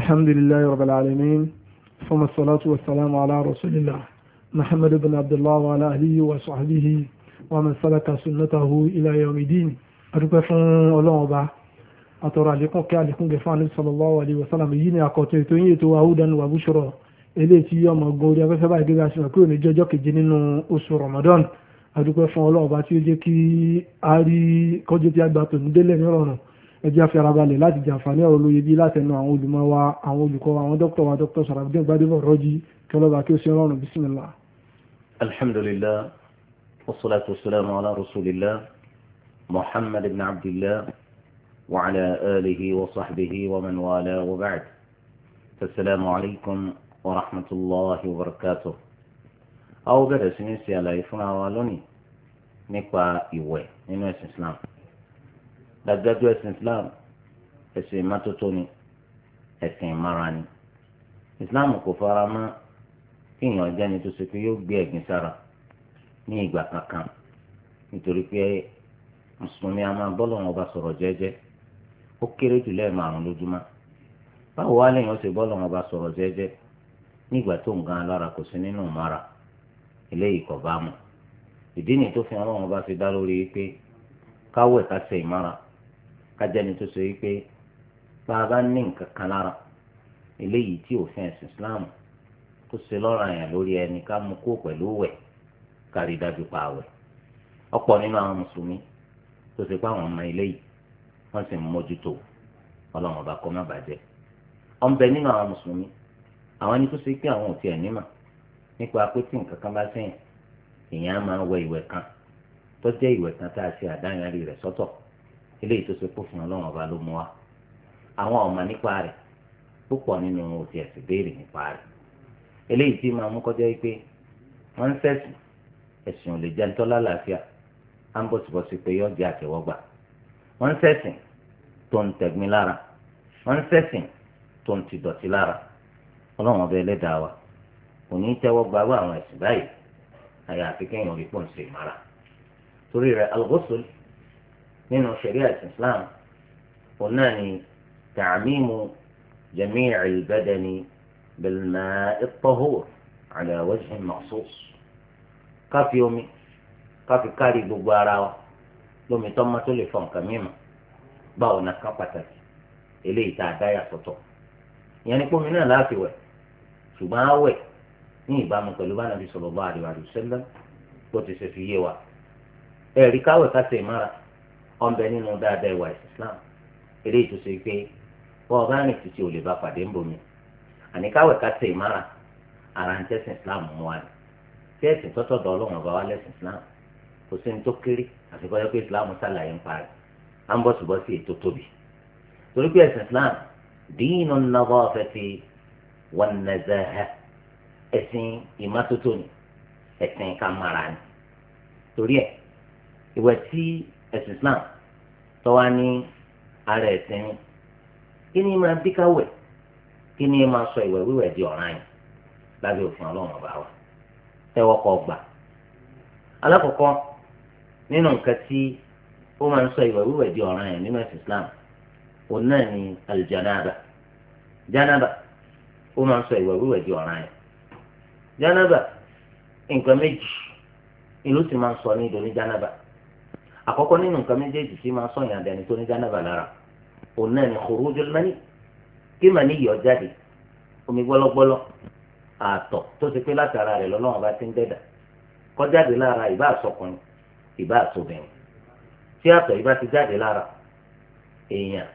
الحمد لله رب العالمين ثم الصلاة والسلام على رسول الله محمد بن عبد الله وعلى أهله وصحبه ومن سلك سنته إلى يوم الدين أدوك فن الله با أترى لكم كالكم بفعل صلى الله عليه وسلم يني أكوتيتون يتو هودا وبشرى eléyìí tí yọmọ gan orí afẹ́fẹ́ báyìí gẹ́gẹ́ àṣìwọ̀n kúrò ní jọjọ́ keje nínú oṣù Ramadan adúpẹ́ fún Ọlọ́run bá tí ó jẹ́ kí a rí kọjú tí a gbà tòun ẹjẹ́ afẹ́rabalẹ̀ láti jàǹfààní ọ̀rọ̀ lóye bí látẹnu àwọn olùmọ̀ wa àwọn olùkọ́ àwọn dókítà wa dókítà sàràbídẹ́n gbadébọ̀ rọ́jí kọlọ́ba kí ó ṣe rọrùn bisimilá. alhamdulilah wasalaatu wasalaamu ala rasulillah a ó bẹ̀rẹ̀ sí ní ṣe àlàyé fúnra wa lónìí nípa ìwẹ̀ nínú ẹ̀sìn islam. dájúdájú ẹ̀sìn islam ẹ̀sìn ìmọ́tótó ni ẹ̀sìn ni islam kò fara mọ́ kí èèyàn jẹ́ni tó ṣe pé yóò gbé ẹ̀gbin sára ní ìgbà kankan nítorí pé mùsùlùmí a máa bọ́lọ̀ wọn bá sọ̀rọ̀ jẹ́jẹ́ ó kéré jù lẹ́ẹ̀márùn lójúmọ́ báwo wá lèèyàn ṣe bọ́lọ̀ wọn bá sọ̀rọ̀ jẹ́jẹ́ nígbà tó ń gan alára kò sí nínú eléyìí kò bá ìdí tó fi kájẹni tó so yìí pé bá a bá ní nǹkan kan lára eléyìí tí òfin ẹ̀sìn islam tó ṣe lọ́rọ̀ àyàn lórí ẹni ká mú kó pẹ̀lú wẹ̀ kárí dájú pa àwẹ̀ ọ̀pọ̀ nínú àwọn mùsùlùmí tó ṣe pé àwọn ọmọ eléyìí wọ́n sì ń mójútó ọlọ́run ọba kọ́ má bàjẹ́ ọ̀nbẹ nínú àwọn mùsùlùmí àwọn kan bá sẹ́yìn kan tó jẹ́ ìwẹ̀ kan tá eléyìí tó ṣe kó fún ọlọ́run ọba ló mú wa àwọn ọmọ nípa rẹ̀ púpọ̀ nínú wọn ò tiẹ̀ sì béèrè nípa rẹ̀ eléyìí tí máa mú kọjá yìí pé wọ́n ń sẹ̀sìn ẹ̀sìn ò lè jẹ́ ntọ́lá làáfíà á ń bọ̀sibọ̀si pé yọ jẹ́ àtẹ̀wọ́gbà wọ́n ń sẹ̀sìn tó ń tẹ̀gbin lára wọ́n ń sẹ̀sìn tó ń ti dọ̀tí lára ọlọ́run ọba ẹlẹ́dàá wa kò ní í tẹ́wọ́ gba àwọn ẹ̀sìn báyìí àyàfi kéèyàn rí pọ̀ ń ṣe ìmára torí rẹ̀ alghusl nínú ṣẹ̀ríà Islam òun náà ni ta'mimu jami'i al-badani bil-ma'i at-tahur ala wajhin makhsus káfí omi káfí kárí gbogbo ara wa lómi tọ́mọ tó lè fọ nǹkan mímọ́ báwo na ká pàtàkì eléyìí tá a dá yà sọ́tọ̀ ìyẹn ni pómi náà láti wẹ̀ ṣùgbọ́n á wẹ̀ ní ìbámu pẹ̀lú bá nàbí sallallahu alaihi wasallam bó ti ṣe fi yé wa ẹ̀rí káwẹ̀ ká ṣe ìmára ọ̀nbẹ nínú dáadáa ìwà Islam eré ìtòsí pé wọ́n ọ̀gá rìn títí ò lè bá pàdé ń bomi àníkáwẹ̀ ká tẹ ìmára ara ń tẹ̀sìn Islam mú wa ni tí ẹ̀sìn tọ́tọ̀ dọ̀ ọlọ́run ọba wa lẹ́sìn Islam kò sí ní tó kéré àti kọ́jọ́ pé Islam sàlàyé ń parí à ń bọ̀sibọ́sì ètò tóbi torí pé ẹ̀sìn Islam dínú nàbọ̀ ọ̀fẹ́tì wọn nàzẹ́hẹ́ ẹ̀sìn ìmọ́tótó ni ẹ̀sìn kàmára ni torí ẹ̀ ìwẹ̀ tí ẹ̀sìn Islam tó wá ní ara ẹ̀sìn kí ni máa bí kí ni máa sọ ìwẹ̀ wíwẹ̀ di ọ̀ràn yìí lábẹ́ òfin ọba wa tẹ́wọ́ gbà alákọ̀ọ́kọ́ nínú nǹkan tí ó máa ń sọ ìwẹ̀ wíwẹ̀ di ọ̀ràn yìí Islam òun náà ni janaba jánáàbà ó máa ń sọ ìwẹ̀ wíwẹ̀ di ọ̀ràn yìí nǹkan méjì ìlú sì sọ ní ìdòní àkọ́kọ́ nínú nǹkan méjèèjì tí máa sọ̀yìn àdẹni tó ní jánàbà lára òun náà ni khurujul mani kí mani yọ jáde omi gbọ́lọ́gbọ́lọ́ àtọ̀ tó ti pé látara rẹ̀ lọ́lọ́run bá ti ń dẹ́dà kó jáde lára ìbá àsọkùnrin ìbá àsọbìnrin tí àtọ̀ ìbá ti jáde lára èèyàn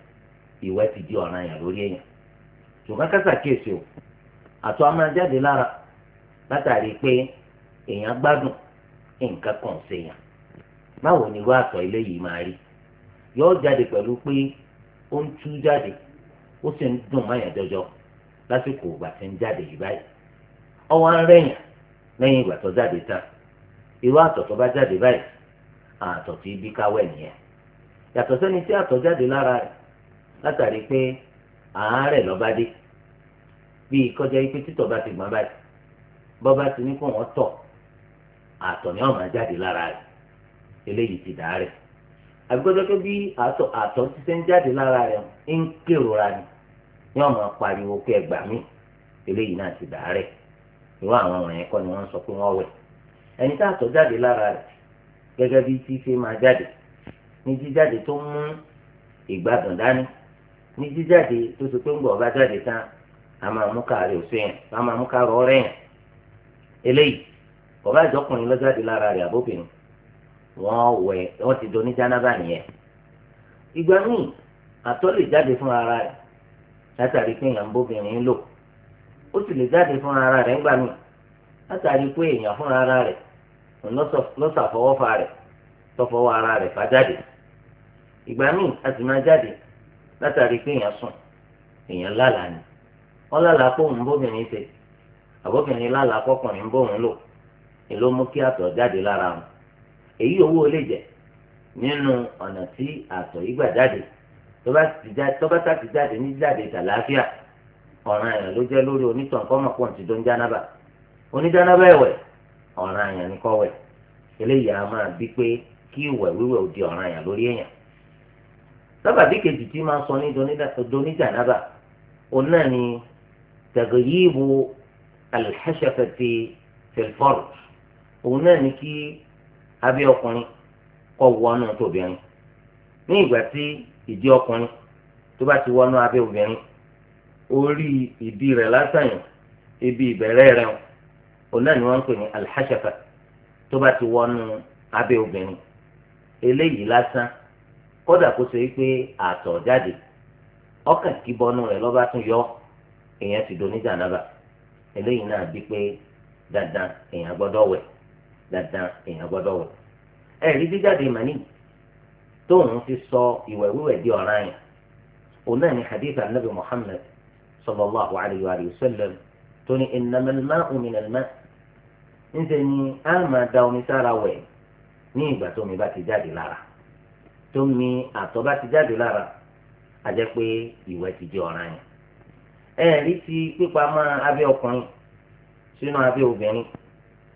ìwẹ̀ ti di ọ̀ràn yàn lórí èèyàn ṣùgbọ́n kásà kíyèsí o àtọ̀ a máa jáde lára látàrí pé èèyàn gbádùn nǹkan kan ṣèyàn báwo ni irú àtọ̀ eléyìí máa rí yóò jáde pẹ̀lú pé ó ń tú jáde ó sì ń dùn máyà jọjọ lásìkò ìgbà tí ń jáde yìí báyìí ọwọ́ ń rẹ̀yìn lẹ́yìn ìgbà tó jáde tán irú àtọ̀ tó bá jáde báyìí àtọ̀ tí bí káwẹ́ nìyẹn yàtọ̀ sẹ́ni tí àtọ̀ jáde lára rẹ̀ látàrí pé ti gbọ́n báyìí ti ní kó wọ́n tọ̀ àtọ̀ ni ó máa eléyìí ti dà rẹ̀ àgbẹ̀dọ́ pé bí àtọ̀ àtọ̀ ti ṣe ń jáde lára rẹ̀ ń kérora ni pariwo mi eléyìí náà ti dà rẹ̀ irú àwọn ọ̀ràn yẹn kọ́ ni wọ́n sọ pé wọ́n wẹ̀ ẹni tá àtọ̀ jáde lára rẹ̀ gẹ́gẹ́ bí tí ṣe máa jáde ní jíjáde tó mú dání ní jíjáde tó ṣe pé ń bá jáde tán a máa mú káàrí yẹn a máa mú káàrọ̀ wọ́n wẹ̀ wọ́n ti do oníjánábà nìyẹn ìgbà míì àtọ̀ lè jáde fún ara rẹ̀ látàrí pé èèyàn ń lò ó sì lè jáde fún ara rẹ̀ ńgbà míì látàrí pé èèyàn fún ara rẹ̀ lọ́sàfọwọ́fà rẹ̀ tọ́fọwọ́ ara rẹ̀ fà jáde ìgbà míì a sì máa jáde látàrí pé èèyàn sùn èèyàn lálàá ni wọ́n lálàá kó òun bóbìnrin ṣe àbóbìnrin lálàá kọkùnrin bóun lò èló mú kí àtọ̀ jáde lára wọn èyí owó lè jẹ nínú ọ̀nà tí àtọ̀ yìí gbà jáde tọ́ba ti jáde ní jáde tàlàáfíà ọ̀ràn àyàn ló jẹ́ lórí onítàn kọ́mọ̀ pọ̀ ti tó ń jánábà oníjánábà ẹ̀wẹ̀ ọ̀ràn àyàn ní eléyìí a máa bí pé kí ìwẹ̀ di ọ̀ràn àyàn lórí èèyàn kejì tí máa sọ ní doníjànábà òun náà ni tẹ̀gẹ̀yìíbu alḥẹ́sẹ̀fẹ̀tì fẹ̀fọ́rù òun náà abe ọkùnrin kọ wọnú tóbìnrin ní ìgbà tí ìdí ọkùnrin tó bá ti wọnú abẹ́ obìnrin orí ìdí lásán ibi ìbẹ̀rẹ̀ rẹ̀ o náà ni wọ́n ń pè ní alhashafa ti wọnú obìnrin eléyìí lásán kódà kó ṣe pé àtọ̀ jáde ọkàn kíbọnú rẹ̀ lọ́ba tún yọ èèyàn ti do eléyìí náà dandan èèyàn gbọ́dọ̀ wò ẹ̀rí jíjáde màní tóun fi sọ ìwẹ̀ wíwẹ̀ di ọ̀ràn yẹn òun náà ni hadith anabi muhammad sallallahu alayhi wa sallam tó ní innamal ma'u minal ma' ńṣe ni a máa da omi sára wẹ̀ ní ìgbà tómi bá ti jáde lára tómi àtọ̀ bá ti jáde lára a jẹ́ pé ìwẹ̀ ti di ọ̀ràn yẹn ẹ̀rí ti pípa máa ọkùnrin sínú abẹ́ obìnrin.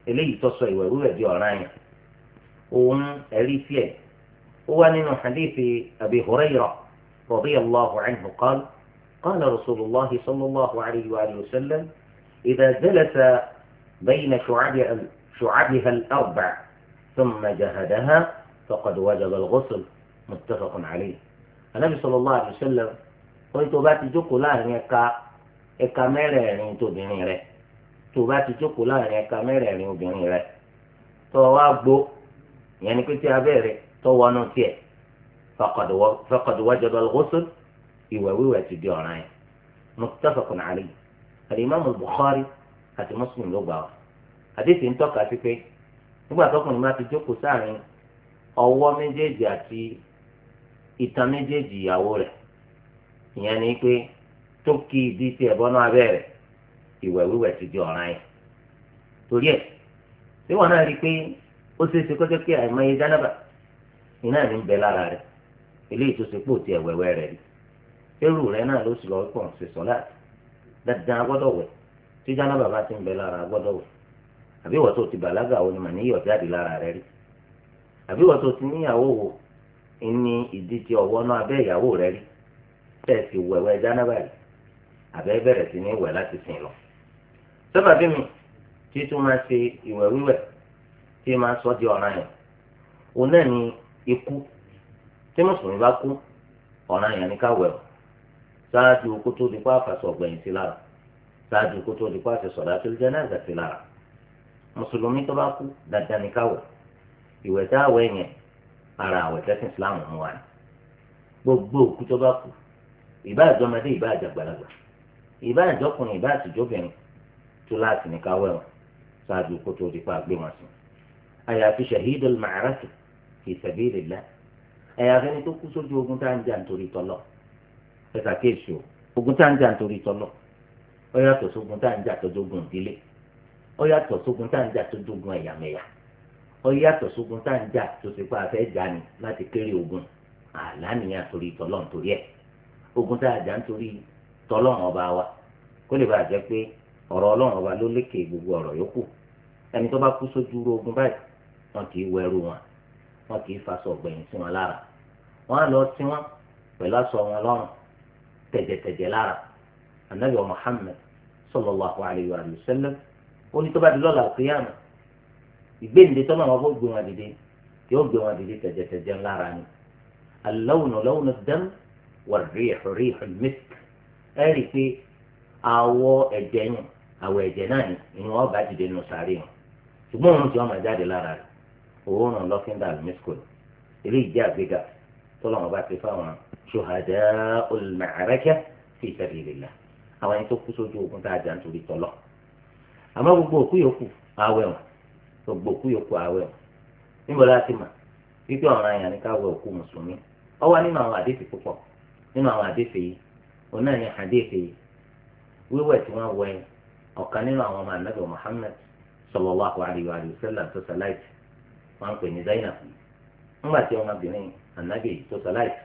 eléyìí tó sọ ìwẹ̀ wíwẹ̀ di ọ̀ranyàn òun ẹ̀rí tiẹ̀ ó wá nínú hadithi Abi Hurayrah radiyallahu anhu qala qala rasulullahi sallallahu alayhi wa sallam idha jalasa bayna شعبها الأربع ثم جهدها فقد وجب الغسل متفق عليه النبي صلى الله عليه وسلم قلت باتي جوكو لا ẹ̀ka ẹ̀ka mẹ́rẹ̀ẹ̀rin tóbìnrin rẹ̀ tó o bá ti jókòó láàrin ẹ̀ka mẹ́rẹ̀ẹ̀rin obìnrin rẹ tó o wá gbó ìyẹn ni pé tí abẹ́ rẹ tó wọnú tiẹ̀ faqad wajaba al-ghusl ìwẹ̀ wíwẹ̀ ti di ọ̀ràn yẹn muttafaqun alayhi al-imam al-bukhari àti muslim ló gbà wá àdéhìí ń tọ́ka sí pé nígbà tọkùnrin bá ti jókòó sáàrin ọwọ́ méjèèjì àti ìtàn méjèèjì ìyàwó rẹ̀ ìyẹn ni pé tó kí ìdí tiẹ̀ bọ́nú abẹ́ rẹ̀ ìwẹ̀ wíwẹ̀ ti di ọ̀ràn yẹn torí ẹ̀ tí wọn náà rí i pé ó ṣeé ṣe kọjá pé àìmọye jánábà iná ní ń bẹ lára rẹ̀ eléyìí tó ṣe pò tí rẹ̀ rí ẹrù rẹ̀ náà ló sì lọ pọ̀ ṣe wẹ̀ tí bá ti ń bẹ lára agbọ́dọ̀ wẹ̀ àbí ti bàlágà wo ni mà rẹ̀ rí àbí wọ́n tó ti níyàwó wo ní ìdíje ọwọ́ náà abẹ́ rẹ̀ rí sábàbí mi tí tó máa ṣe ìwẹ̀ wíwẹ̀ tí máa sọ di ọ̀ràn yẹn òun náà ni ikú tí mùsùlùmí bá kú ọ̀ràn yẹn ni ká wẹ̀ ọ́ ṣáájú kó tó di pa àfàṣọ ọ̀gbẹ̀yìn sí lára ṣáájú kó tó di pa àfẹsọ̀ láti lè jẹ́ náà gà sí lára mùsùlùmí tó bá kú dandan ni ká wẹ̀ ìwẹ̀ tá a wẹ̀ yẹn ara àwẹ̀ tẹ́sán islam mú wa ni gbogbo òkú tó bá kú ìbá àjọmọdé ìbá àjàgbàlagbà ìbá àjọkùnrin ìbá àtijọ́bìnrin tó láti ní ká wẹ̀wọ̀n ṣáájú kó tó di pa gbé wọn sí. àyàfi shahid al-ma'arati fi sabilillah àyàfi ẹni tó kú sójú ogun tá à ń jà nítorí tọ́lọ̀ ẹ ṣàkíyèsí o ogun tá à ń jà nítorí tọ́lọ̀ ó yàtọ̀ sógun tá à ń jà tó dógun ìdílé ó yàtọ̀ sógun tá à ń jà tó dógun ẹ̀yàmẹ̀yà ó yàtọ̀ sógun tá à ń jà tó ti pa àfẹ́ jà ni láti kéré ogun àlá nìyẹn torí tọ́lọ̀ nítorí ẹ̀ ogun tá à jà nítorí tọ́lọ̀ ọba ọ̀rọ̀ ọlọ́run ọba ló lékè gbogbo ọ̀rọ̀ yòókù ẹni tó bá kú sójú ogun báyìí wọn kì í wẹrù wọn wọn kì í faṣọ ọ̀gbẹ̀yìn sí wọn lára wọn á lọ sí wọn pẹ̀lú aṣọ wọn lọ́rùn tẹ̀jẹ̀tẹ̀jẹ̀ lára anabi Muhammad sallallahu alayhi wa sallam ó ní tó bá di lọ́la kíyàmá ìgbéǹde tọ́lá wọn fún gbé wọn dìde yóò gbé wọn dìde tẹ̀jẹ̀tẹ̀jẹ̀ lára ni al-lawnu lawnu war-rihu rihu rihu misk ẹ̀ rí i pé àwọ̀ ẹ̀jẹ̀ yẹn àwọ̀ ẹ̀jẹ̀ náà ni ìhun ọba dìde nù sàárè wọn ṣùgbọ́n òun ti ọmọ jáde lára rẹ̀ òórùn lọ́fíńdà alùmísìkò ni eré ìjẹ́ àgbéga tọ́lọ́wọ́n bá ti fáwọn ṣòhàdá olùmọ̀ọ́rẹ́kẹ́ sí sabilillah àwọn ẹni tó ogun tá a jà gbogbo òkú yòókù àwẹ̀ wọn gbogbo òkú yòókù àwẹ̀ wọn níbo la ti mà wípé ọ̀ràn àyàn ni òkú mùsùlùmí ọ nínú àwọn àdéfì púpọ̀ nínú àwọn àdéfì yìí ọ̀kan nínú àwọn ọmọ anabi muhammed sallallahu alayhi wa sallam tó sàláìtì wọn pè ní zainab ńgbà tí ọmọbìnrin anabi tó sàláìtì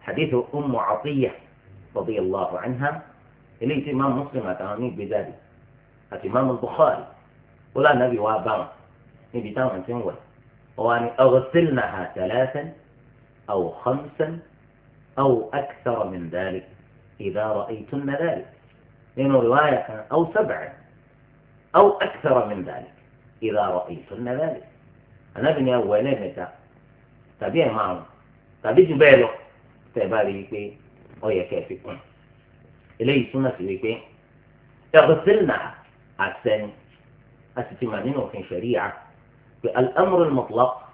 hadith ummu atiyah radiyallahu anha eléyìí tí imaamu muslim àtàwọn míì gbé jáde àti imaamu bukhari ó lá anabi wá bá wọn níbi táwọn ti ń wẹ̀ ọwọ́ ni aghsilnaha thalathan aw khamsan aw akthara min dhalik idha ra'aytunna dhalik. اثنين رواية أو سبعة أو أكثر من ذلك إذا رأيتن ذلك أنا ابن أولي متى تبيه معه تبيه جباله تبالي كي ويا كيفي كون إليه سنة في كي اغسلنا عساني أستمانين وفي شريعة الأمر المطلق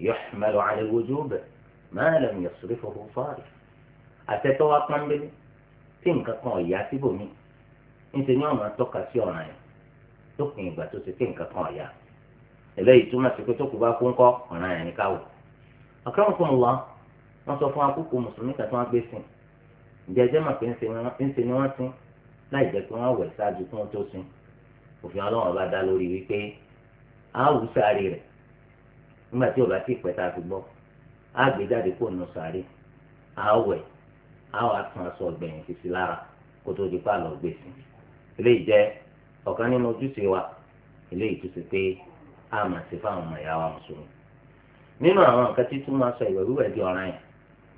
يحمل على الوجوب ما لم يصرفه صارف أتتواطن بني تنك قوياتي بني níṣẹ́ ni wọ́n máa tọ́ka sí ọ̀ràn yẹn tó kùn ìgbà tó ṣe pé nǹkan kan ọ̀yà eléyìí túmọ̀ sí pé tó kù bá kú ńkọ́ ọ̀ràn yẹn ní káwọ́ ọ̀kẹ́wọ̀n fún wa wọ́n sọ fún akókò mùsùlùmí kan tí wọ́n gbé sìn ìjẹ́jẹ́ mà pé ńṣe ni wọ́n sìn láì jẹ́ pé wọ́n wẹ̀ ṣáájú kí wọ́n tó sìn òfin ọlọ́run bá dá lórí wípé áwù sáré rẹ̀ nígbà tí ọba tí ìpẹ́ta fi gbọ́ á gbé jáde kó nù sáré á wẹ̀ á wà tún aṣọ ọgbẹ̀yìn fi sí lára kó tó di pàlọ́ gbé ilé ìjẹ́ ọ̀kan nínú ojúṣe wa ilé ìtúsí pé a máa ṣe fáwọn ọmọ ìyá wa mùsùlùmí nínú àwọn nǹkan tí tún máa sọ di ọ̀ràn yẹn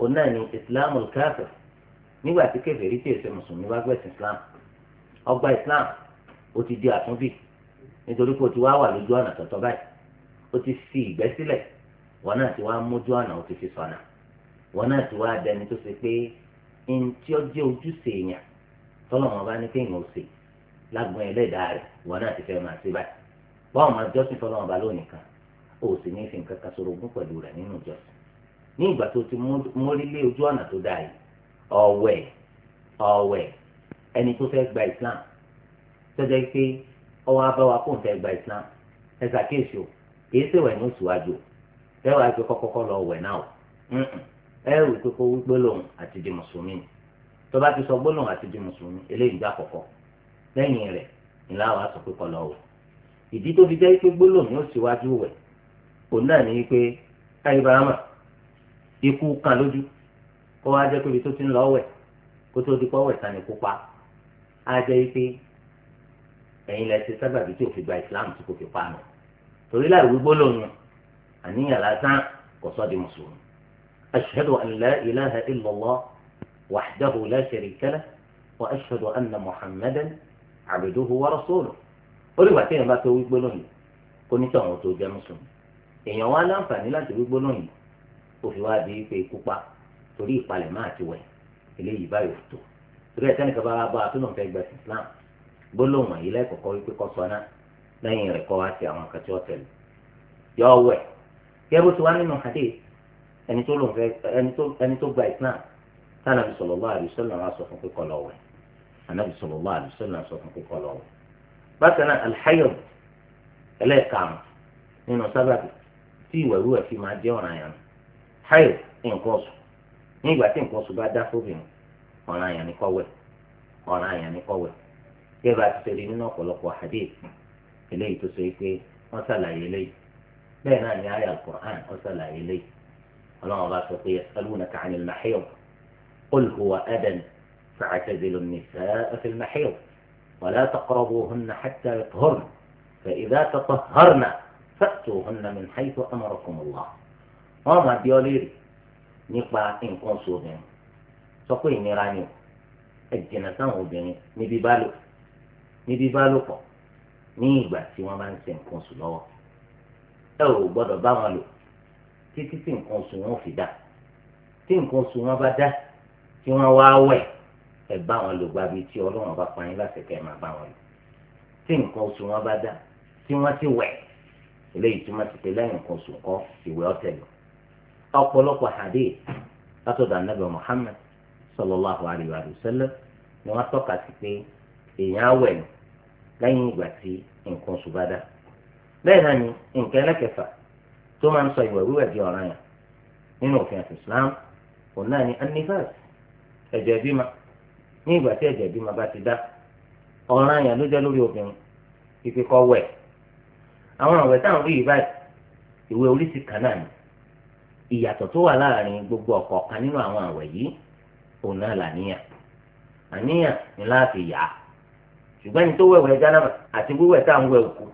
o náà ni islam káfíà nígbà tí kèfèrí tí èsè mùsùlùmí bá gbẹ̀sìn islam ọgbà islam ó ti di àtúnbì nítorí pé o ti wá wà lójú ọ̀nà tọ̀tọ̀ o ti fi ìgbẹ́ sílẹ̀ wọn náà ti wá o ti fi sọ̀nà wọn náà ti wá tó ṣe pé ntí ọjọ́ ojúṣe èèyàn ní kéèyàn ó ṣe lágbọn ẹlẹ́dàá rẹ̀ wọn náà ti fẹ́ máa ṣe báyìí báwo máa jọ́sìn fọlọ́wọn bá lónìí kan ó sì ní ìfìn kankan sọ̀rọ̀ ogún pẹ̀lú rẹ̀ nínú ìjọsìn ní ìgbà tó ti mórí lé ojú ọ̀nà tó dáa yìí ọ̀wẹ̀ ọ̀wẹ̀ ẹni tó fẹ́ gba Islam tọ́jà pé ọwọ́ abáwa kò ń fẹ́ gba Islam ẹ ṣàkíyèsí o kìí ṣèwẹ̀ ní oṣù àjò tẹ́wàá pé kọ́kọ́kọ́ lọ wẹ̀ náà o ẹ rò pé kó gbólóhùn àti di mùsùlùmí tó ti sọ gbólóhùn àti di mùsùlùmí eléyìí gbà kọ̀kọ́ lẹ́yìn rẹ̀ ńlá a sọ pé kọlọ wò ìdí tó fi jẹ́ pé gbólóhùn yóò síwájú wẹ̀ òun náà ní pé káyibáhámà ikú kan lójú kó wá jẹ́ tó ti ń lọ wẹ̀ kó tó di pọ́wẹ̀ kó pa á jẹ́ pé ẹ̀yin lẹ ti sábàbí tí Islam tí kò fi pa nù torí láì wí gbólóhùn àníyàn lásán kò sọ di mùsùlùmí. أشهد أن لا إله إلا الله وحده لا شريك àbùdóhu wa rasuluhu ó lè wà téèyàn bá tó wí gbólóhùn yìí kó ní tọ̀hún tó jẹ́ mùsùlùmí èèyàn wá láǹfààní láti wí gbólóhùn yìí kò fi wá di pé ikú pa torí ìpalẹ̀ máa ti wẹ̀ eléyìí báyìí tó torí ẹ̀ sẹ́nìkan bá bá tó náà fẹ́ gba Islam gbólóhùn yìí lẹ́kọ̀ọ́kọ́ wípé kọ́ sọ náà lẹ́yìn rẹ̀ kọ́ wá sí àwọn akẹ́tí ọ̀tẹ̀lẹ̀ yọ wẹ̀ kí ẹ bó ti wá nínú hadith ẹni tó gba Islam tánàbí sallallahu alaihi wá sọ fún pé kọ́ lọ wẹ̀ النبي صلى الله عليه وسلم صدقك الله بسنا الحيض لا يقام إنه سبب في وهو في ما جون عيان حيض إن قص إن قص إن قص بعد فوبين أنا يعني قوة أنا يعني قوة كيف تسيرين نقولك وحديث إليه تسيكي وصلى إليه بين أن يعي القرآن وصلى إليه الله سبحانه يسألونك عن المحيض قل هو أدن فاعتزلوا النساء في المحيض ولا تقربوهن حتى يطهرن فإذا تطهرن فأتوهن من حيث أمركم الله وما ديوليري نقبع إن كنسو بين سقوي ميراني الجنة وبيني نبي بالو نبي بالو قو نيبا سيما من سين كنسو لو أو بدو بغلو تي تي تين كنسو نوفي دا تين كنسو نوفي دا تين كنسو نوفي دا ẹ bá wọn lò gba bíi tí ọlọ́run bá pa yín láti kẹ́ ẹ máa bá wọn lò tí nǹkan oṣù wọn bá dá tí wọ́n ti wẹ̀ eléyìí túmọ̀ ti pé lẹ́yìn nǹkan oṣù kọ́ ìwé ọ̀tẹ̀ lọ. ọ̀pọ̀lọpọ̀ hadith látọ̀dọ̀ anábẹ́ Muhammad sallallahu alayhi wa sallam ni wọ́n tọ́ka sí pé èèyàn awẹ̀ ni lẹ́yìn ìgbà tí nǹkan oṣù bá dá. bẹ́ẹ̀ náà ni nǹkan ẹlẹ́kẹfà tó máa ń sọ ìwẹ̀ wíwẹ̀ di ọ̀ranyàn nínú òfin àti Islam òun náà ni anifas ẹ̀jẹ̀ bímọ ní ìgbà tí ẹ̀jẹ̀ bímọ bá ti dá ọ̀ràn yẹn ló jẹ́ lórí obìnrin pípé kọ́ wẹ̀ àwọn àwẹ̀ táwọn wí yìí báyìí ìwé oríṣi kan náà ni ìyàtọ̀ tó wà láàrin gbogbo ọ̀kọ̀ọ̀kan nínú àwọn àwẹ̀ yìí òun náà làníyàn àníyàn ni láti yà á ṣùgbọ́n ẹni tó wẹ̀wẹ̀ jánábà àti wíwẹ̀ tá à ń wẹ̀ òkú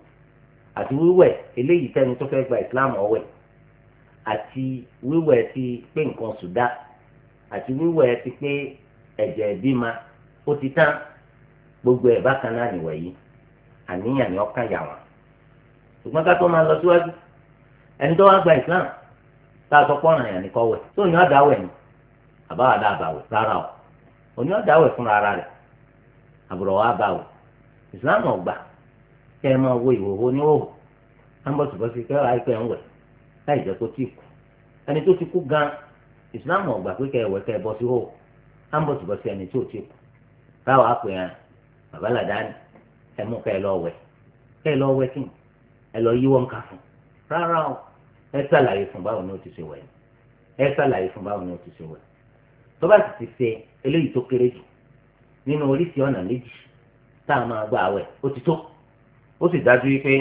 àti wíwẹ̀ eléyìí tẹ́ni tó fẹ́ gba ìsìláàmù ọ̀wẹ̀ àti wíwẹ̀ ti pé nǹkan sùdá àti wíwẹ̀ ti pé ẹ̀jẹ̀ ma ó ti tán gbogbo ẹ̀ bákan náà nìwẹ̀ yìí àníyàn ni ọkàn yà wọn ṣùgbọ́n ká tó máa lọ síwájú ẹni tó Islam tá a sọ pé ọ̀ràn yàn nìkan wẹ̀ tó ní ọ̀dà wẹ̀ ni o òní ọ̀dà ara rẹ̀ àbùrọ̀ wa bá Islam ọ̀gbà kẹ́ ẹ máa wo ìhòòhò níhòòhò ambọ̀sibọ̀sì ẹ ń láì jẹ́ kó tí ti kú gan Islam pé ẹ ẹ á ń bọ̀sibọ̀sì ẹni tí ò tí kù báwo á pè hàn bàbá làdáni ẹ mú ká ẹ lọ wẹ̀ ká ẹ lọ wẹ̀ kí ẹ lọ yíwọ́ nǹkan fún rárá o ẹ ṣàlàyé fún báwo ni ó ti ṣe wẹ̀ ẹ ṣàlàyé fún báwo ni ó ti ṣe wẹ̀ tó bá sì ti ṣe eléyìí tó kéré jù nínú oríṣi ọ̀nà méjì tá a máa gbà wẹ̀ ó ti tó ó sì dájú wípé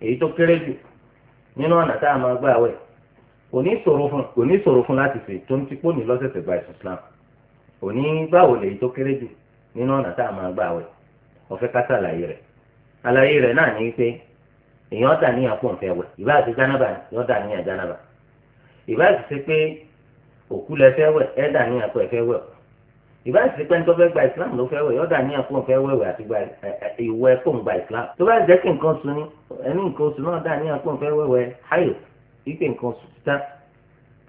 èyí tó kéré jù nínú ọ̀nà tá a máa gbà wẹ̀ kò ní ṣòro fún kò ní ṣòro fún láti ṣe tó ń ti pò ní lọ́sẹ̀sẹ̀ gba ìsùn Islam òní báwo lèyí tó kéré jù nínú ọ̀nà tá a máa gbà wẹ̀ ọ̀fẹ́ ká sàlàyé rẹ̀ àlàyé rẹ̀ náà ní pé èèyàn dà níyàn pọ̀ nfẹ́ wẹ̀ ìbá àti jánábà yọ dà níyàn jánábà ìbá àti ṣe pé òkú lẹ fẹ́ wẹ̀ ẹ dà níyàn pọ̀ ẹ fẹ́ wẹ̀ ìbá àti ṣe pé nítorí gba ìsìlámù ló fẹ́ wẹ̀ yọ dà níyàn pọ̀ nfẹ́ wẹ̀ wẹ̀ àti gba ìwẹ̀ pọ̀ ń gba ìsìlámù tó bá jẹ́ kí nǹkan suni ẹni nǹkan suni náà dà níyàn pọ̀ nfẹ́ wẹ̀ wẹ̀ háyò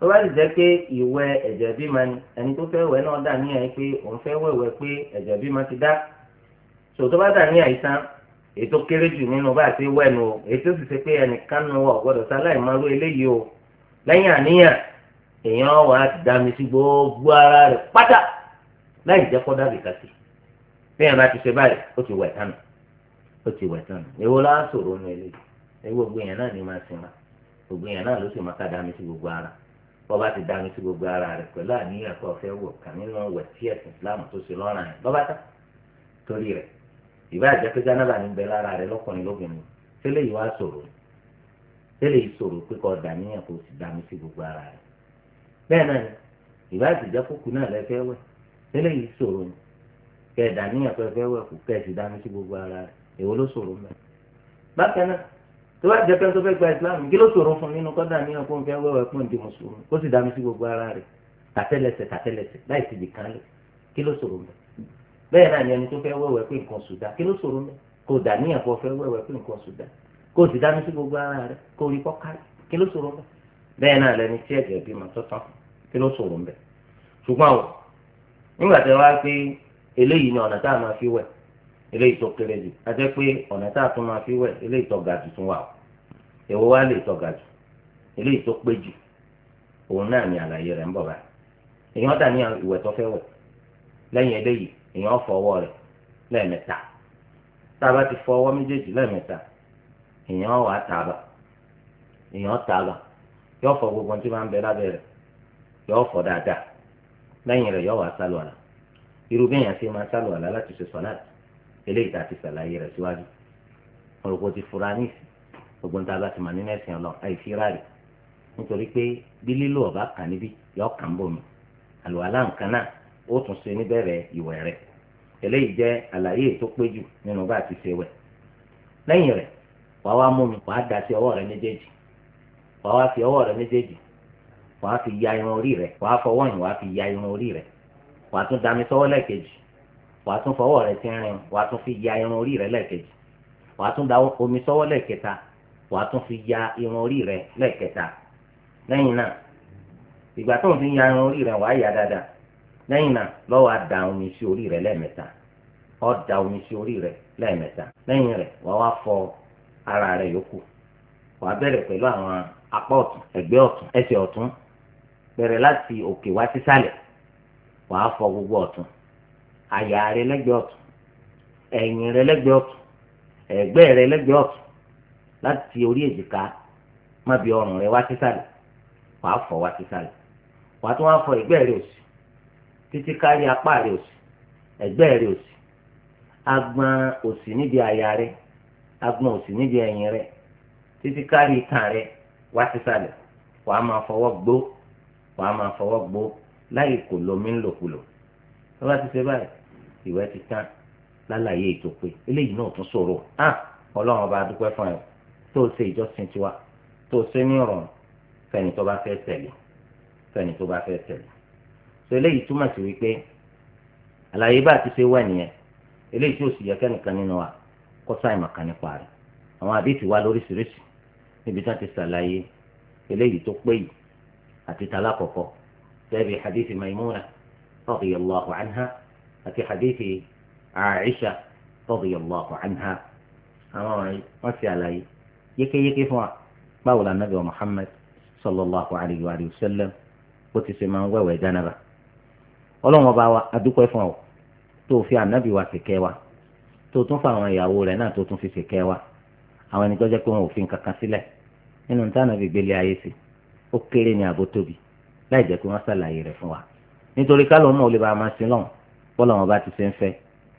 tó bá sì jẹ́ pé ìwẹ̀ ẹ̀jẹ̀ bímọ ni ẹni tó fẹ́ wẹ̀ náà dà níyàn pé òun fẹ́ wẹ̀wẹ̀ pé ẹ̀jẹ̀ bímọ ti dá so tó bá dà níyàn yìí tán ètò kéré jù nínú bá ti wẹ̀ nu o ètò sì ṣe pé ẹnìkan nu ọ̀ gbọ́dọ̀ sáláì máa ló eléyìí o lẹ́yìn àníyàn èèyàn wà á ti dá mi sí gbogbo ara rẹ̀ pátá láì jẹ́ kó dàbí kàtì fẹ́yìn bá ti ṣe báyìí ó ti wẹ̀ tánu ó ti wẹ̀ tánu èwo láá ni máa sinmi gbogbo èèyàn náà ló sì bọ́ba ti dání sí gbogbo ara rẹ̀ pẹ̀lú àníyàn tó fẹ́ wọ̀ kà nínú wẹ̀ tí ẹ̀sìn Islam tó ṣe lọ́ràn yẹn bọ́ba tán torí rẹ̀ ìbá àjẹ́ pé jánàbà ń bẹ lára rẹ̀ lọ́kùnrin lóbìnrin tẹ́lẹ̀ yìí wá sọ̀rọ̀ tẹ́lẹ̀ yìí sọ̀rọ̀ pé kọ́ dàníyàn kò sì dání sí gbogbo ara rẹ̀ bẹ́ẹ̀ náà ìbá àtijọ́ kúkú náà lẹ wẹ̀ tẹ́lẹ̀ yìí sọ̀rọ̀ kẹ́ dàníyàn pé fẹ́ tó bá jẹ́ pẹ́ńtọ́ fẹ́ gba ìsìláàmù kí ló ṣòro fún nínú kọ́dà ní ọkọ̀ òun fẹ́ wẹ́wẹ́ pọ̀ di mùsùlùmí ó sì dá mi sí gbogbo ara rẹ̀ tàtẹ́lẹsẹ̀ tàtẹ́lẹsẹ̀ láì sì dìkan lẹ̀ kí ló ṣòro mẹ́ bẹ́ẹ̀ náà ni ẹni tó fẹ́ wẹ́wẹ́ pé nǹkan sùdá kí ló ṣòro mẹ́ kò dà ní ẹ̀fọ́ fẹ́ wẹ́wẹ́ pé nǹkan sùdá kò sì dá mi sí gbogbo ara rẹ̀ kò rí kọ́ kárí kí ló ṣòro mẹ́ bẹ́ẹ̀ náà lẹni tí o nígbà tí wọ́n á pé eléyìí ni ọ̀nà tá a eléyìí tó kéré jù àti pé ọ̀nà tá a tún máa fi wẹ̀ eléyìí tó ga jù tún wà o èwo wá lè tó ga jù eléyìí tó pé jù òun náà ni àlàyé rẹ̀ ń bọ̀ báyìí èèyàn dà ní ìwẹ̀ tó fẹ́ wẹ̀ lẹ́yìn eléyìí èèyàn fọwọ́ rẹ̀ tá a ti fọwọ́ méjèèjì èèyàn wà tààbà èèyàn tààbà yóò fọ gbogbo tí máa ń bẹ lábẹ́ rẹ̀ yóò fọ dáadáa lẹ́yìn rẹ̀ yóò wà irú máa eléyìí tá a ti sàlàyé rẹ síwájú ti fura ní ìsìn gbogbo níta bá ti mà nínú ẹ̀sìn ọlọ́run àìsí ráàlì nítorí pé bí lílo ọ̀bá kàn níbí yọ kàn ń bomi àlùwàlá nǹkan náà ó tún ṣe níbẹ̀rẹ̀ ìwẹ̀ rẹ̀ eléyìí jẹ́ àlàyé tó pé jù nínú ti ṣe wẹ̀ lẹ́yìn mú mi wàá dà sí ọwọ́ rẹ méjèèjì wàá wá fi ọwọ́ rẹ méjèèjì wàá fi ya irun orí rẹ wàá fọwọ́ yìí wàá fi ya irun orí rẹ wàá tún dami lẹ́ẹ̀kejì wàá tún fọwọ́ rẹ ti rin wàá tún fi ya irun orí rẹ lẹ́ẹ̀kejì wàá tún da omi sọ́wọ́ lẹ́ẹ̀kẹta wàá tún fi ya irun orí rẹ lẹ́ẹ̀kẹta lẹ́yìn náà ìgbà tó ń fi ya irun orí rẹ wàá yà dáadáa lẹ́yìn náà lọ́wọ́ á da omi sí orí rẹ lẹ́ẹ̀mẹ́ta ọ́ da omi sí orí rẹ lẹ́ẹ̀mẹ́ta lẹ́yìn rẹ wá fọ ara rẹ yòókù wàá bẹ̀rẹ̀ pẹ̀lú àwọn apá ọ̀tún egbe ọ̀tún ẹsẹ̀ ọ̀tún bẹ̀rẹ̀ láti òkè wá sísàlẹ̀ fọ gbogbo ọ̀tún àyà rẹ lẹ́gbẹ̀ẹ́ ọ̀tún ẹ̀yìn rẹ lẹ́gbẹ̀ẹ́ ọ̀tún ẹ̀gbẹ́ rẹ lẹ́gbẹ̀ẹ́ ọ̀tún láti orí èjìká má bi ọrùn rẹ wá sísàlẹ̀ wàá fọ̀ wá sísàlẹ̀ wàá tún wá fọ̀ ẹ̀gbẹ́ rẹ òsì títí kárí apá rẹ òsì ẹ̀gbẹ́ rẹ òsì agbọ̀n òsì níbi àyà rẹ agbọ̀n òsì níbi ẹ̀yìn rẹ títí kárí itan rẹ wá sísàlẹ̀ wàá máa fọwọ́ gbó wàá máa fọwọ́ gbó láì kò lómi ńlòkulò tó bá ti ṣe ìwé ti tán lálàyé ètò pé eléyìí náà tún ṣòro ah ọlọ́run ọba dúpẹ́ fún ẹ tó o ṣe ìjọsìn tiwa tó o ṣe ní ìrọ̀rùn fẹ́ni tó bá fẹ́ tẹ̀lé fẹ́ni tó bá fẹ́ tẹ̀lé so eléyìí túmọ̀ sí wípé àlàyé bá a ti ṣe wà nìyẹn eléyìí tí ó sì yẹ kẹ́nìkan nínú wa kó sáìmọ̀ kan nípa rẹ̀ àwọn àdéhìí wa lóríṣiríṣi níbi tí wọ́n ti ṣàlàyé àti hadithi Aisha radiyallahu anha àwọn wọ̀nyí wọ́n ti àlàyé yékéyéké fún wa báwo la nàbẹ̀ wa Muhammad sallallahu alayhi wa sallam ó ti ṣe máa ń wẹ̀wẹ̀ jánaba ọlọ́run ọba wa adúpẹ́ fún ọ tó fi ànábì wa ṣèkẹ́ wa tó tún fún àwọn ìyàwó rẹ̀ náà tó tún fi ṣèkẹ́ wa àwọn ẹni tó jẹ́ pé wọn ò fi nǹkan sílẹ̀ nínú tí ànábì gbélé ayé sí ó kéré ní àbó láì jẹ́ pé wọ́n ṣàlàyé rẹ̀ fún wa nítorí ká lóun náà ó lè bá a máa sin lọ́hùn bọ́lá wọn bá ti ṣe ń fẹ́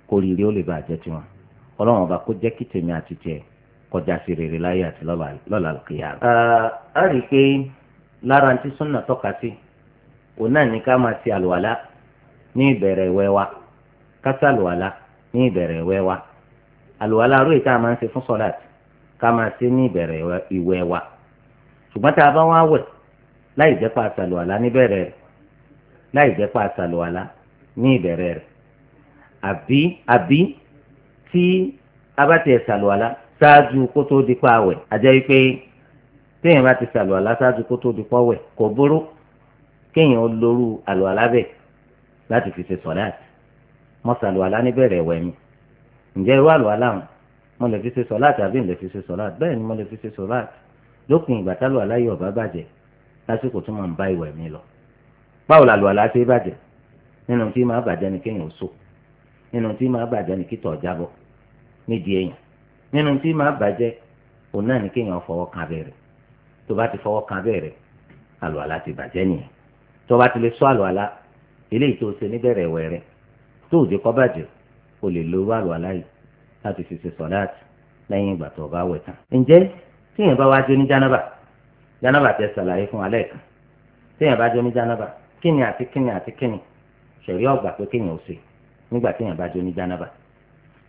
kó rírì ó lè bàjẹ́ tiwọn ọlọ́wọ́n bá kó jẹ́ kí tèmi àti tiẹ̀ kọjá sí rere láyé àti lọ́la kìyàrá. a rí i pé lára ti súnà tọ́ka sí òun náà ní ká máa ti àlùwàlá ní ìbẹ̀rẹ̀ ìwẹ̀ wa ká sí àlùwàlá ní ìbẹ̀rẹ̀ ìwẹ̀ wa àlùwàlá rú ìta máa ń ṣe fún sọ́láàtì ká máa ṣe ní ìbẹ̀rẹ̀ ìwẹ̀ wa ṣùgbọ́n tá a bá wá wẹ̀ láì jẹ́ pa àṣàlùwàlá níbẹ̀rẹ̀ láì jẹ́ pa àṣàlùwàlá ní ìbẹ̀rẹ̀ rẹ̀ àbí àbí tí a bá tiẹ̀ sàlùwàlá ṣáájú kó tó di pa àwẹ̀ àjẹ́ wípé téèyàn bá ti sàlùwàlá ṣáájú kó tó di pa àwẹ̀ kò burú kéèyàn lóru àlùwàlá bẹ̀ láti fi ṣe sọ̀láàtì mo sàlùwàlá níbẹ̀rẹ̀ ẹ̀wẹ̀ mi ǹjẹ́ irú àlùwàlá hàn mo lè fi ṣe sọ̀láàtì àbí mo lè fi ṣe sọ̀láàtì bẹ́ẹ̀ ni mo lè fi ṣe sọ̀láàtì lópin ìgbà tálùwàlá yìí ó bàjẹ́ lásìkò tó máa ń bá ìwẹ̀ mi lọ báwo làlùwàlá ṣe bàjẹ́ nínú tí máa bàjẹ́ ni kéèyàn so nínú tí máa bàjẹ́ ni kítọ̀ jábọ̀ nídìí èèyàn nínú tí máa bàjẹ́ òun náà ni kéèyàn fọwọ́ kan abẹ́rẹ́ tó bá ti fọwọ́ kan abẹ́rẹ́ àlùwàlá ti bàjẹ́ nìyẹn tó bá ti lè sọ àlùwàlá eléyìí tó ṣe níbẹ̀rẹ̀ wẹ̀rẹ̀ tó òjò kọ́ bàjẹ́ o lè lo àlùwàlá yìí láti fi ṣe sọ̀láàtì lẹ́yìn ìgbà tó o bá wẹ̀ tán. ǹjẹ́ tíyẹn bá wá ní jánábà jánábà tẹ ṣàlàyé fún alẹ́ kan tíyẹn bá jó ní jánábà kíni àti kíni àti kíni ṣẹ̀rí ọ̀gbà pé kéèyàn ò ṣe nígbà téèyàn bá jó ní jánábà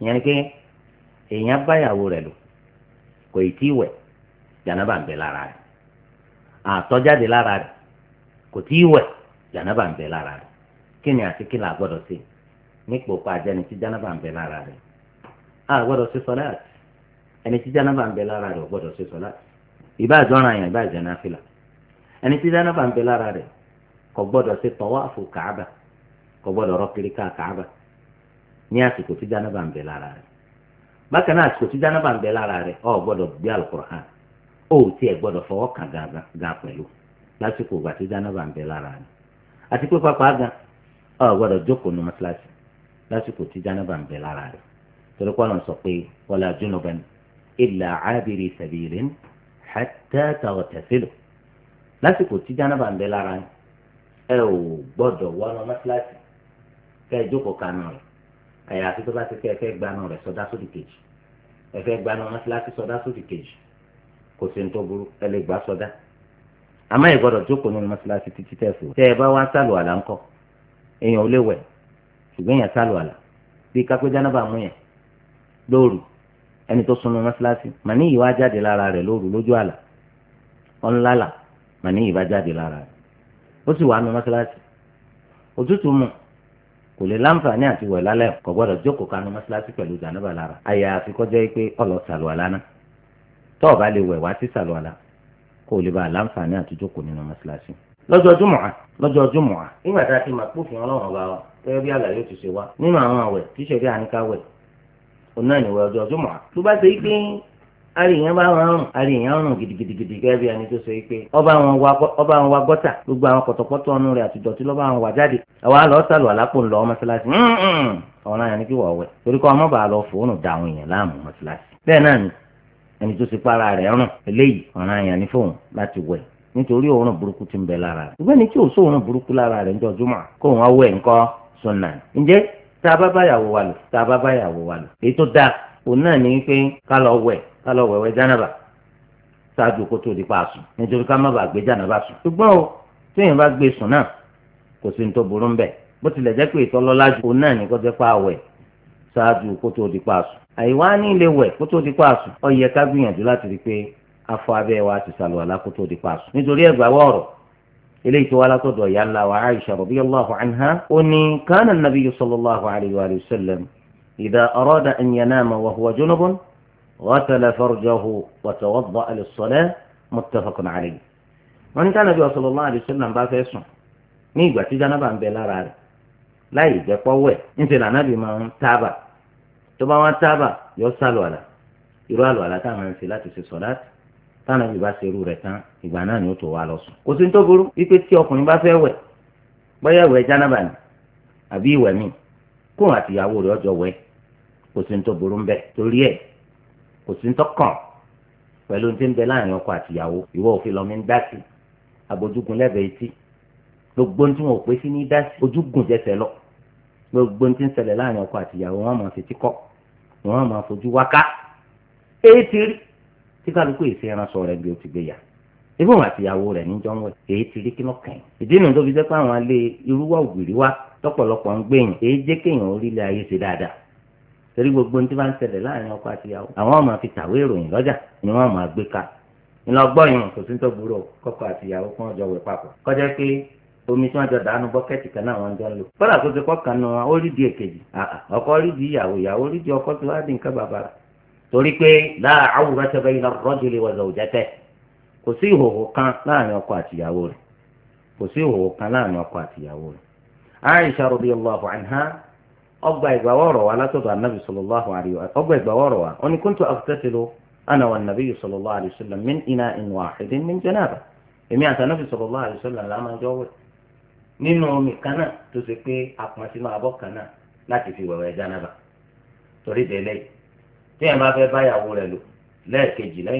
ìyẹn ni pé èèyàn báyàwó rẹ̀ lò kò ì tí ì wẹ̀ jánábà ń bẹ lára rẹ̀ àtọ́jáde lára rẹ̀ kò tí ì wẹ̀ jánábà ń bẹ lára rẹ̀ kí ni àti kí là gbọ́dọ̀ ṣe nípò pa àjẹni tí jánábà ń bẹ lára rẹ̀ a gbọ́dọ̀ ṣe sọláàtì ẹni tí jánábà ń bẹ lára rẹ̀ ò gbọ́dọ̀ ṣe sọláàtì ìbá àjọràn yẹn ìbá àjẹnà fìlà ẹni tí jánábà ń bẹ lára rẹ̀ kò gbọ́dọ̀ ṣe tọwáàfù kàábà kò gbọ́dọ̀ rọ́ kiri káàkáàbà ní àsìkò tí jánábà ń bẹ lára rẹ̀ bákan náà àsìkò tí jánábà ń bẹ lára rẹ̀ ò gbọ́dọ̀ gbé alukur'an ó tiẹ̀ gbọ́dọ̀ fọwọ́ kàn ga pẹ̀lú lásìkò ìgbà tí jánábà ń bẹ lára rẹ̀ àti pé pápá gan ò gbọ́dọ̀ jókòó nu mọ́sálásí lásìkò tí jánábà ń bẹ lára rẹ̀ torí pọ́nà sọ pé wala junuban illa abiri sabilin hatta taghtasilu lásìkò tí jánábà ń bẹ lára rẹ̀ ẹ ò gbọ́dọ̀ wọnú mọ́sálásí kẹ́ ẹ jókòó kanú rẹ̀ àyàfi tó bá ti kẹ́ ẹ fẹ́ gbanú rẹ̀ sọdá sódì kejì ẹ fẹ́ gbanú mọ́sálásí sọdá sódì kejì kò sí ní tó burú ẹ lè gbà sọdá àmọ́ ẹ gbọ́dọ̀ jókòó nínú mọ́sálásí títí tẹ̀ fún tẹ́ ẹ bá wá sálù àlà ńkọ́ èèyàn ò lè wẹ̀ ṣùgbọ́n èèyàn sálù àlà bí kápẹ́ jánábà mú yẹn lóru ẹni tó sunú mọ́sálásí màní yìí wá jáde lára rẹ̀ lóru lójú àlà ọ̀nlálà màní yìí bá jáde lára rẹ̀ ó sì wà nù mọ́sálásí òtútù mu kò lè láǹfààní àti wẹ̀ lálẹ́ kò gbọ́dọ̀ jókòó kanú mọ́ṣáláṣí pẹ̀lú jàǹdàbà lára àyàfi kó jẹ́ pé ọlọ sàlùwàlá náà tó o bá lè wẹ̀ wá sí sàlùwàlá kó o lè bá láǹfààní àti jókòó nínú mọ́ṣáláṣí. lọ́jọ́ jùmọ̀á lọ́jọ́ jùmọ̀á nígbà tá a ti máa pófin ọlọ́run ọba wa gẹ́gẹ́ bí àlàyé ti ṣe wá nínú àwọn àwẹ̀ tíṣẹ̀rí àníkàwẹ̀ òun náà àríyàn bá wọn rùn àríyàn rùn gidigidigidi gẹ́gẹ́ bí ẹni tó ṣe pé wa gọ́tà gbogbo àwọn pọ̀tọ̀pọ̀tọ̀ ọ̀nù rẹ̀ àti dọ̀tí lọ́ba wọn wà jáde lọ sàlù àlápò ńlọ mọ́ṣáláṣí ọ̀ràn yẹn ni kí wọ́n wẹ̀ torí kọ́ ọmọ bàá lọ fòónù da àwọn láàmú mọ́ṣáláṣí bẹ́ẹ̀ náà ni ẹni tó ṣe para rẹ̀ rùn eléyìí ni nítorí òórùn burúkú ti ń bẹ lára ìgbẹ́ni a bá báyàwó wa lò tá a bá báyàwó wa lò èyí tó dáa òun náà ní ká lọ wẹ̀wẹ̀ jánàbà ṣáájú kó tó di pa àsùn nítorí ká má bàa gbé jánàbà sùn ṣùgbọ́n o téèyàn bá gbé sùn náà kò sí ní tó burú ń bẹ̀ bó tilẹ̀ jẹ́ pé ìtọ́lọ́lá ju òun náà ní kó jẹ́ pa àwẹ̀ ṣáájú kó tó di pa àsùn àyíwá ní ilé wẹ̀ kó tó di pa àsùn ó yẹ ká gbìyànjú láti rí pé afọ abẹ́ wa ti ṣàlùwàlá kó tó di pa nítorí ẹ̀gbà wọ̀ọ̀rọ̀ eléyìí tó wá látọ̀dọ̀ ìyá غسل فرجه وتوضأ للصلاة متفق عليه wọ́n ní ká nàbí sallallahu alaihi wasallam bá fẹ́ sùn ní ìgbà tí jánábà ń bẹ lára rẹ̀ láì jẹ́ pọ́wọ́ ẹ̀ níṣẹ́ lànàbì máa ń tábà tó bá wá tábà yọ sálọ àlà irú àlọ àlà táwọn ń ṣe láti ṣe sọ̀lá tánàbì bá ṣerú rẹ̀ tán ìgbà náà ni ó tó wá lọ sùn. kò sí ní tó burú wípé tí ọkùnrin bá fẹ́ wẹ̀ bóyá ìwẹ̀ jánábà ni àbí ìwẹ̀ míì kóun àtìyàwó rẹ̀ ọjọ́ kò sí tọkàn pẹ̀lú tí ń bẹ láàrin ọkọ àtìyàwó ìwọ òfin lọ́mí ń dá sí abojúgun lẹ́bẹ̀ẹ́ etí gbogbo tí wọn ò pé sí ní dá sí ojúgun jẹsẹ̀ lọ gbogbo tí ń ṣẹlẹ̀ láàrin ọkọ àtìyàwó wọn máa fetí kọ́ wọn máa fojú wáká èyí ti rí tí kálukú yìí fi ránṣọ rẹ bí o ti gbé yà ibùn àtìyàwó rẹ níjọ ń wẹ èyí ti rí kí ló kàn yín ìdí nu tó fi jẹ́ pé àwọn alẹ́ irú wa ògiri wa lọ́pọ̀lọpọ̀ ń gbẹ̀yìn èyí jẹ́ kéèyàn orílẹ̀ ayé ṣe dáadáa torí gbogbo ní tí bá ń ṣẹlẹ̀ láàrin ọkọ àti ìyàwó àwọn ọmọ fi tàwé ìròyìn lọ́jà ni wọ́n máa gbé ka ńlọgbọ́n yìí kò sí tó burú kọ́kọ́ àti ìyàwó kí wọ́n wẹ̀ papọ̀ kọjá omi tí wọ́n jọ dànù bọ́kẹ́tì kan náà wọ́n jọ ń lò tó ti kọ́ di èkejì ọkọ rí di di ọkọ tó wá di torí pé ar ọgba ìgbàwọ̀rọ̀ wa látọ̀dọ̀ anabi sallallahu alayhi wa ọgbà ìgbàwọ̀rọ̀ wa ó ní kuntu aghtasilu ana wa nabi sallallahu alayhi wa min min èmi àti anabi sallallahu alayhi wẹ̀ nínú omi kan tó ṣe pé apọn sínú abọ́ kan láti fi wẹ̀wẹ̀ janaba torí délé lẹ́yìn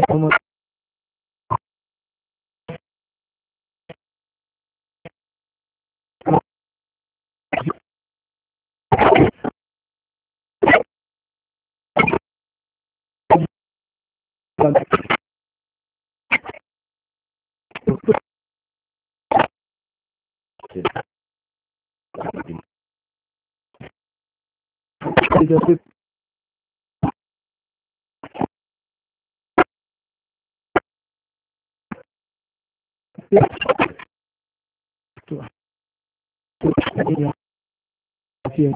Sous-titrage Société Radio-Canada